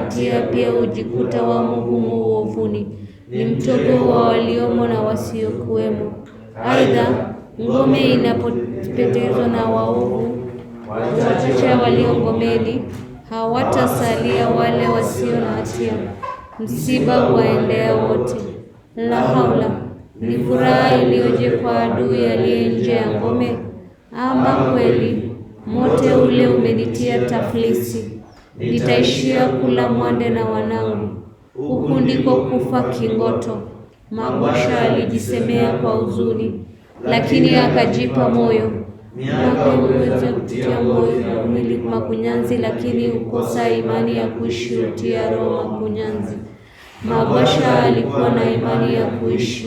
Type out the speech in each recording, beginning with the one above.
hatia pia hujikuta wamo humo uovuni, ni mtego wa waliomo na wasiokuwemo. Aidha, ngome inapopetezwa na waovu, wachache walio ngomeni, hawatasalia wale wasio na hatia. Msiba waendea wote. La haula! Ni furaha iliyoje kwa adui aliye nje ya ngome! Ama kweli mote ule umenitia taflisi nitaishia kula mwande na wanangu. Huku ndiko kufa kingoto. Mangwasha alijisemea kwa huzuni, lakini akajipa moyo. Miaka huweza kutia moyo na mwili makunyanzi, lakini hukosa imani ya kuishi utia roho makunyanzi. Mangwasha alikuwa na imani ya kuishi.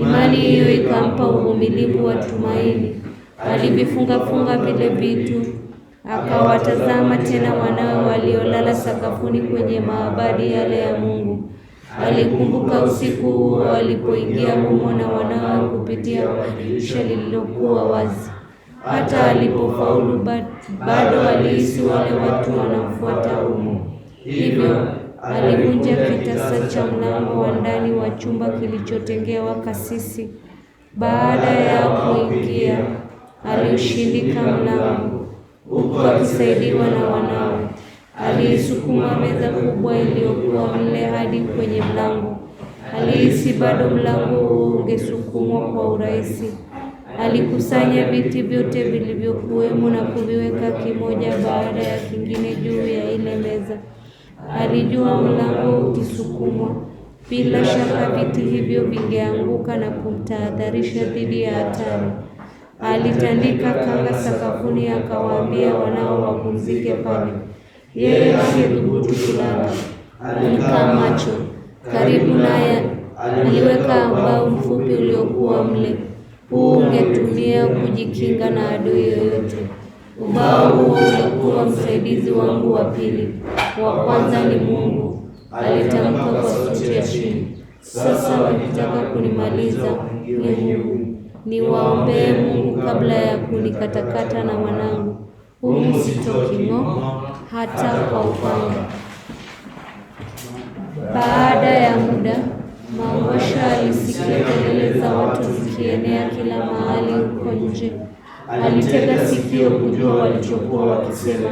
Imani hiyo ikampa uvumilivu wa tumaini. Alivifungafunga vile vitu akawatazama tena wanawe waliolala sakafuni kwenye maabadi yale ya Mungu. Alikumbuka usiku huo walipoingia humo na wanawe kupitia dirisha lililokuwa wazi. Hata alipofaulu bado alihisi wale watu wanamfuata humo, hivyo alivunja kitasa cha mlango wa ndani wa chumba kilichotengewa kasisi. Baada ya kuingia aliushindika mlango huko akisaidiwa na wanawe. Aliisukuma meza kubwa iliyokuwa mle hadi kwenye mlango. Alihisi bado mlango huo ungesukumwa kwa urahisi. Alikusanya viti vyote vilivyokuwemo na kuviweka kimoja baada ya kingine juu ya ile meza. Alijua mlango ukisukumwa, bila shaka viti hivyo vingeanguka na kumtahadharisha dhidi ya hatari. Alitandika kanga sakafuni, akawaambia wanao wapumzike pale. Yeye hangethubutu kulala. Alikaa macho, karibu naye aliweka ambao mfupi uliokuwa mle, huu ungetumia kujikinga na adui yoyote. Ubao huo ulikuwa msaidizi wangu wa pili, wa kwanza ni Mungu, alitamka kwa sauti ya chini. Sasa wakitaka kunimaliza, ni Mungu niwaombee Mungu kabla ya kunikatakata na mwanangu, humu sitoki ng'o hata kwa upanga. Baada ya muda, Mangosha alisikia kelele za watu zikienea kila mahali huko nje. Alitega sikio kujua walichokuwa wakisema.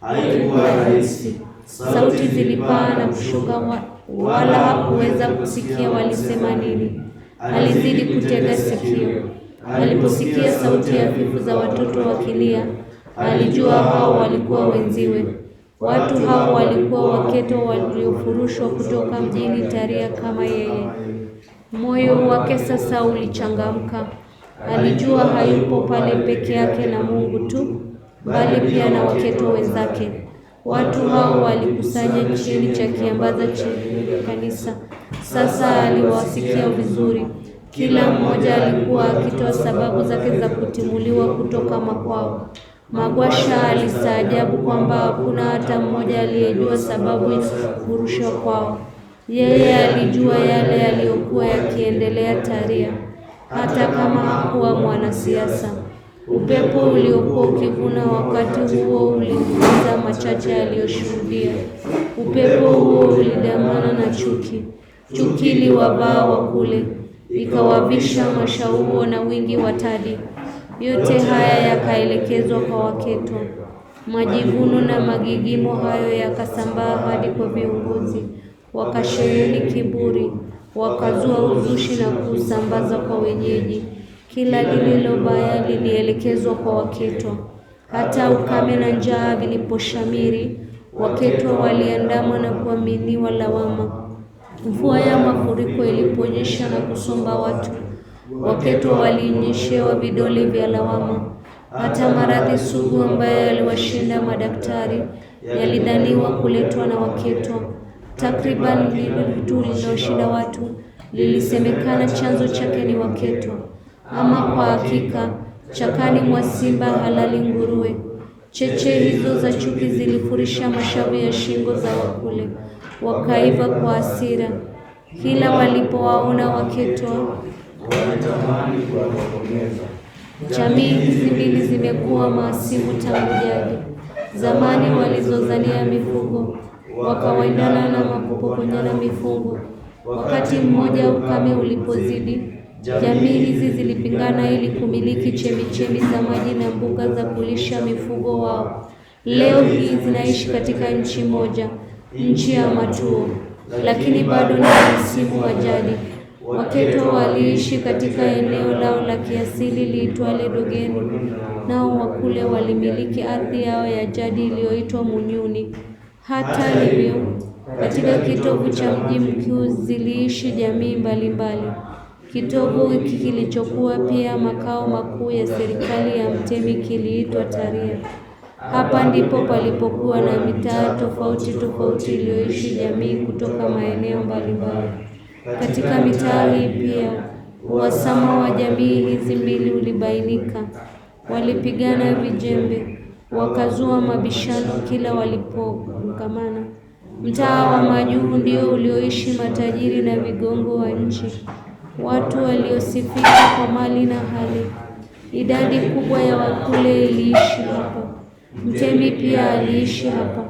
Haikuwa rahisi, sauti zilipaa na kushuka, wala hakuweza kusikia walisema nini alizidi kutega sikio. Aliposikia sauti ya vifu za watoto wakilia, alijua hao walikuwa wenziwe. Watu hao walikuwa waketo waliofurushwa kutoka mjini Taria kama yeye. Moyo wake sasa ulichangamka. Alijua hayupo pale peke yake na Mungu tu, bali pia na waketo wenzake. Watu hao walikusanya chini cha kiambaza chenye kanisa. Sasa aliwasikia vizuri. Kila mmoja alikuwa akitoa sababu zake za kutimuliwa kutoka makwao. Magwasha alistaajabu kwamba hakuna hata mmoja aliyejua sababu ya kufurushwa kwao. Yeye alijua yale yaliyokuwa yakiendelea Taria, hata kama hakuwa mwanasiasa. Upepo uliokuwa ukivuna wakati huo ulimuuza machache aliyoshuhudia. Upepo huo ulidamana na chuki chukili wa wakule, ikawavisha mashauo na wingi wa tadi. Yote haya yakaelekezwa kwa Waketo. Majivuno na magigimo hayo yakasambaa hadi kwa viongozi, wakasheheni kiburi, wakazua uzushi na kusambaza kwa wenyeji. Kila lililobaya lilielekezwa kwa Waketwa. Hata ukame na njaa viliposhamiri, Waketwa waliandamwa na kuaminiwa lawama. Mvua ya mafuriko iliponyesha na kusomba watu, waketo walinyeshewa vidole vya lawama. Hata maradhi sugu ambayo yaliwashinda madaktari yalidhaniwa kuletwa na waketwa. Takriban lilitu lililoshinda watu lilisemekana chanzo chake ni waketwa. Ama kwa hakika chakani mwa simba halali nguruwe. Cheche hizo za chuki zilifurisha mashavu ya shingo za wakule wakaiva kwa hasira, kila walipowaona waketwa wanatamani kuwatokomeza. Jamii hizi mbili zimekuwa maasimu tangu jadi. Zamani walizozania mifugo, wakawaendana na makupokonyana mifugo. Wakati mmoja ukame ulipozidi, jamii hizi zilipingana ili kumiliki chemichemi za maji na mbuga za kulisha mifugo wao. Leo hii zinaishi katika nchi moja nchi ya matuo, lakini bado ni msimu wa jadi. Waketo waliishi katika eneo lao la kiasili liitwale Dogeni, nao Wakule walimiliki ardhi yao ya jadi iliyoitwa Munyuni. Hata hivyo, katika kitovu cha mji mkuu ziliishi jamii mbalimbali Kitovu hiki kilichokuwa pia makao makuu ya serikali ya Mtemi kiliitwa Taria. Hapa ndipo palipokuwa na mitaa tofauti tofauti iliyoishi jamii kutoka maeneo mbalimbali. Katika mitaa hii pia uhasama wa jamii hizi mbili ulibainika. Walipigana vijembe, wakazua mabishano kila walipokungamana. Mtaa wa Majuu ndio ulioishi matajiri na vigongo wa nchi, watu waliosifika kwa mali na hali. Idadi kubwa ya Wakule iliishi hapa. Mtemi pia aliishi hapa,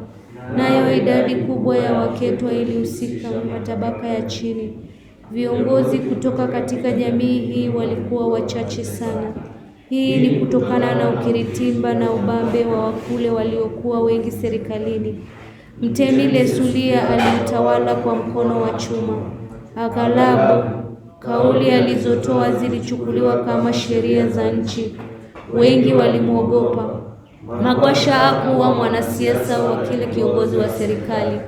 nayo idadi kubwa ya Waketwa ilihusika matabaka ya chini. Viongozi kutoka katika jamii hii walikuwa wachache sana. Hii ni kutokana na ukiritimba na ubambe wa Wakule waliokuwa wengi serikalini. Mtemi Lesulia aliutawala kwa mkono wa chuma. Aghalabu kauli alizotoa zilichukuliwa kama sheria za nchi. Wengi walimwogopa. Magwasha hakuwa mwanasiasa wa kile kiongozi wa serikali,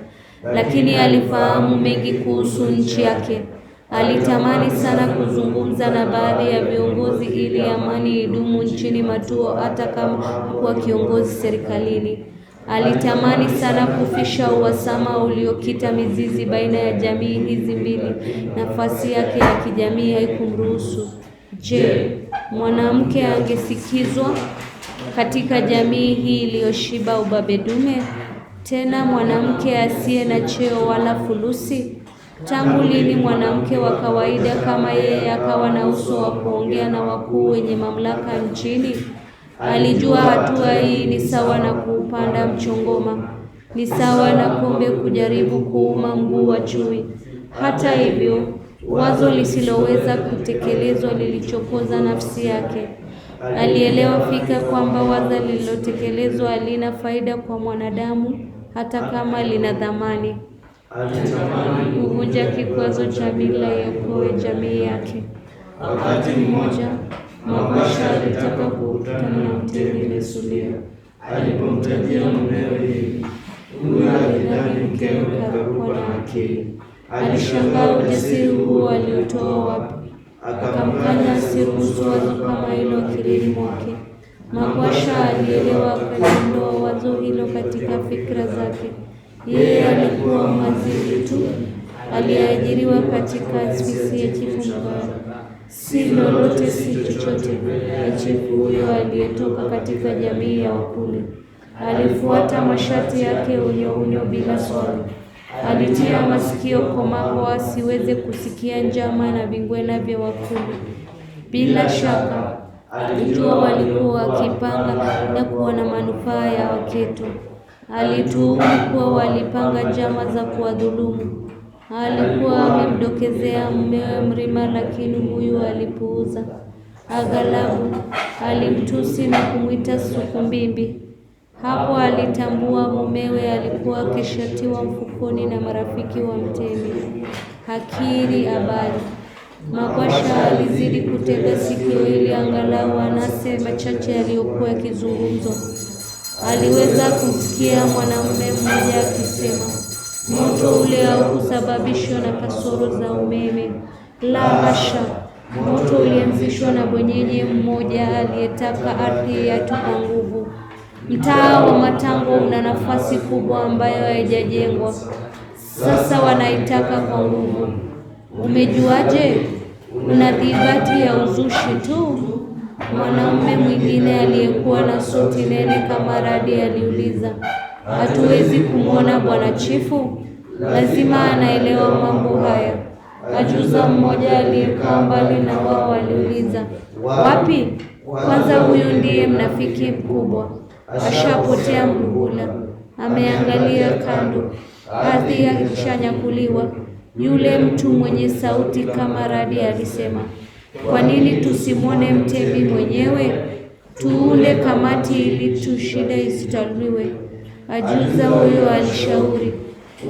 lakini alifahamu mengi kuhusu nchi yake. Alitamani sana kuzungumza na baadhi ya viongozi ili amani idumu nchini Matuo, hata kama hakuwa kiongozi serikalini. Alitamani sana kufisha uhasama uliokita mizizi baina ya jamii hizi mbili. Nafasi yake ya kijamii haikumruhusu. Je, mwanamke angesikizwa? katika jamii hii iliyoshiba ubabe dume, tena mwanamke asiye na cheo wala fulusi? Tangu lini mwanamke wa kawaida kama yeye akawa na uso wa kuongea na wakuu wenye mamlaka nchini? Alijua hatua hii ni sawa na kuupanda mchongoma, ni sawa na kombe kujaribu kuuma mguu wa chui. Hata hivyo, wazo lisiloweza kutekelezwa lilichokoza nafsi yake. Alielewa fika kwamba wazo lililotekelezwa halina faida kwa mwanadamu hata kama lina dhamani. Alitamani kuvunja kikwazo cha mila iokoe jamii yake. Wakati mmoja Mabasha alitaka kukutana na mtemi Lesulia. Alipomtajia mumewe hivi, huyo alidhani mkewe karukwa na akili. Alishangaa ujasiri huo aliotoa wapi? akamkanya siku zote kama hilo akilini mwake. Magwasha alielewa kaliondoa wazo hilo katika fikra zake. Yeye alikuwa mwaziri tu, aliyeajiriwa katika spisi ya chifu mbao si lolote si chochote ya chifu huyo aliyetoka katika jamii ya Wakule. Alifuata masharti yake unyounyo bila swali alitia masikio komavu asiweze kusikia njama na vingwena vya wakulu. Bila shaka alijua walikuwa wakipanga na kuona manufaa ya Waketo. Alituhumu kuwa walipanga njama za kuwadhulumu. Alikuwa amemdokezea mmewe Mrima, lakini huyu alipuuza. Aghalabu alimtusi na kumwita sukumbimbi. Hapo alitambua mumewe alikuwa akishatiwa mfukoni na marafiki wa mtemi. Hakiri abali makwasha alizidi kutega sikio ili angalau anase machache yaliyokuwa yakizungumzwa. Aliweza kumsikia mwanamume mmoja akisema, moto ule haukusababishwa na kasoro za umeme. La hasha, moto ulianzishwa na bwenyenye mmoja aliyetaka ardhi yatupa nguvu. Mtaa wa Matango una nafasi kubwa ambayo haijajengwa, sasa wanaitaka kwa nguvu. Umejuaje? Una dhibati ya uzushi tu. Mwanaume mwingine aliyekuwa na suti nene kama radi aliuliza, hatuwezi kumwona bwana chifu? Lazima anaelewa mambo haya. Ajuza mmoja aliyekaa mbali na wao aliuliza, wapi? Kwanza huyu ndiye mnafiki mkubwa ashapotea mhula, ameangalia kando, ardhi akishanyakuliwa. Yule mtu mwenye sauti kama radi alisema, kwa nini tusimwone mtemi mwenyewe? Tuunde kamati ili tu shida Ajuza huyo alishauri,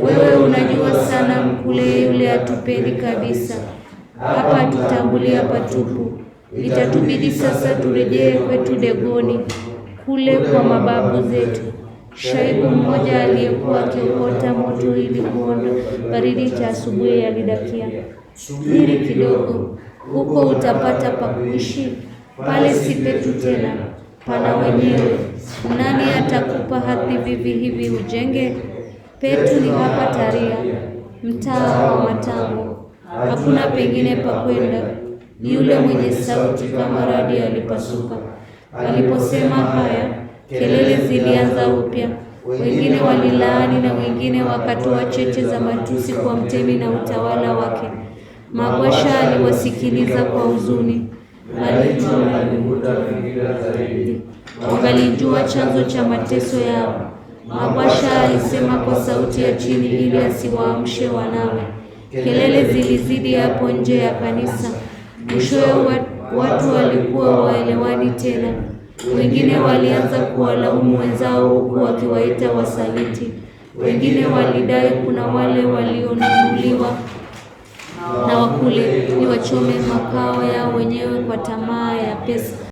wewe unajua sana, mkule yule atupendi kabisa. Hapa tutambulia patupu, itatubidi sasa turejee kwetu Degoni kule kwa mababu zetu. Shaibu mmoja aliyekuwa akiokota moto ili kuondoa baridi cha asubuhi alidakia, subiri kidogo, huko utapata pa kuishi, pale si petu tena, pana wenyewe. Nani atakupa hadhi vivi hivi ujenge? Petu ni hapa Taria, mtaa wa matango, hakuna pengine pa kwenda. Yule mwenye sauti kama radi alipasuka Waliposema haya, kelele zilianza upya, wengine walilaani na wengine wakatoa cheche za matusi kwa mtemi na utawala wake. Mabwasha aliwasikiliza kwa huzuni, wangalijua chanzo cha mateso yao. Mabwasha alisema kwa sauti ya chini ili asiwaamshe wanawe. Kelele zilizidi hapo nje ya kanisa, mwishowe Watu walikuwa waelewani tena, wengine walianza kuwalaumu wenzao huku wakiwaita wasaliti, wengine walidai kuna wale walionunuliwa na wakule ni wachome makao yao wenyewe kwa tamaa ya pesa.